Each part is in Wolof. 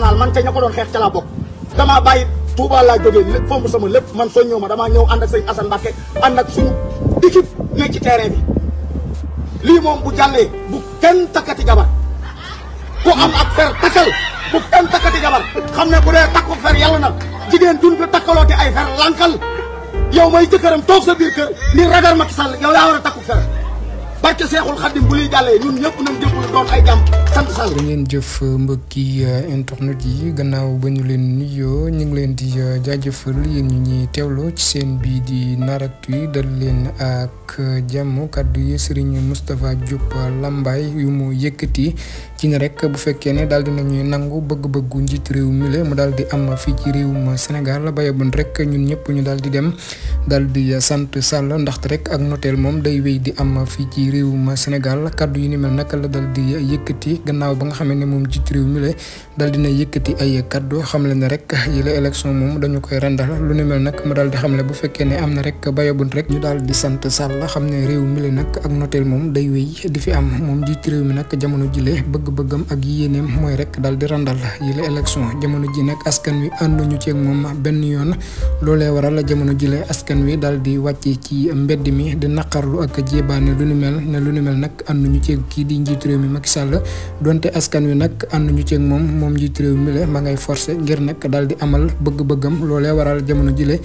national man ca ña ko doon xex ca la bok dama baye Touba la joge lépp fomb sama lepp man so ñëw ma damaa ñëw ànd ak seigne Assane Mbacke and ak suñu équipe ne ci terrain bi li mom bu jalle bu kenn takati jabar ko am ak fer takal bu kenn takati jabar xamne bu dee takku fer yalla na jigen duñ fi takkalooti ay fer lankal yow may jëkëram tok sa bir kër ni ragal ma ci Sall yow la wara takku fer barke Seexul Xaddim bu luy jàllee ñun ñëpp nañ jëkkul doon ay jàmm sant sall da ngeen jëf mbokki euh, internet yi gannaaw ba ñu leen nuyoo ñu ngi leen di euh, jaajëfal yéen ñu ñuy teewloo ci seen bii di naraktu yi dal leen ak euh, jàmm kàddu yi Serigne Moustapha Diop Lambaye yu mu yëkkati ci ne rek bu fekkee ne daal dinañuy nangu bëgg-bëggu njiit réew mi la mu daal di am fii ci réewum Sénégal bayaboon rek ñun ñëpp ñu daal di dem daal di sant sall ndaxte rek ak noteel moom day wéy di am fii ci réewum Sénégal kàddu yu ni mel naka la dal di yëkkati gannaaw ba nga xamee ne moom jiitu réew mi la dal dina yëkkati ay kaddu xamle ne rek yile élection moom dañu koy rendal lu ni mel nag mu daal di xamle bu fekkee ne am na rek bayabunt rek ñu daal di sant Sall xam ne réew mi la nag ak noteel moom day wéy di fi am moom jiitu réew mi nag jamono jile bëgg-bëggam ak yéeneem mooy rek daal di rendal yile élection jamono ji nag askan wi ànduñu ci ak moom benn yoon loolee waral jamono jile askan wi daal di wàcce ci mbedd mi di naqarlu ak jéebaane lu ni mel ne lu ni mel nag ànduñu ci kii di njiitu réew mi Macky Sall donte askan wi nag ànduñu ceeg moom moom njiit réew mi la ma ngay forcé ngir nag daal di amal bëgg-bëggam loolee waral jamono jile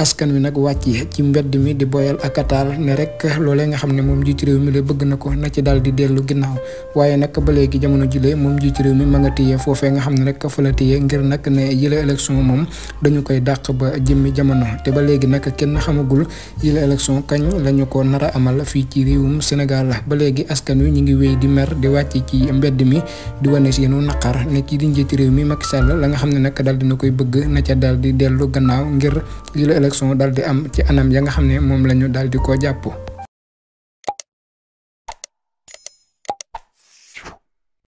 askan wi nag wàcc ci mbedd mi di boyal akatar ne rek loolee nga xam ne moom jiitu réew mi la bëgg na ko na ci daal di dellu ginnaaw waaye nag ba léegi jamono jile moom jiitu réew mi ma nga téye foofee nga xam ne rek fa la téye ngir nag ne yile élection moom dañu koy dàq ba jëmmi jamono te ba léegi nag kenn xamagul yile élection kañ lañu ko nara amal fii ci réewum Sénégal la ba léegi askan wi ñu ngi wéy di mer di wàcc ci mbedd mi di wane seenu naqar ne ci di njiitu réew mi Macky Sall la nga xam ne nag dina koy bëgg na ca daal di dellu gannaaw ngir yile élection daal di am ci anam ya nga xam ne moom la ñu daal di ko jàpp.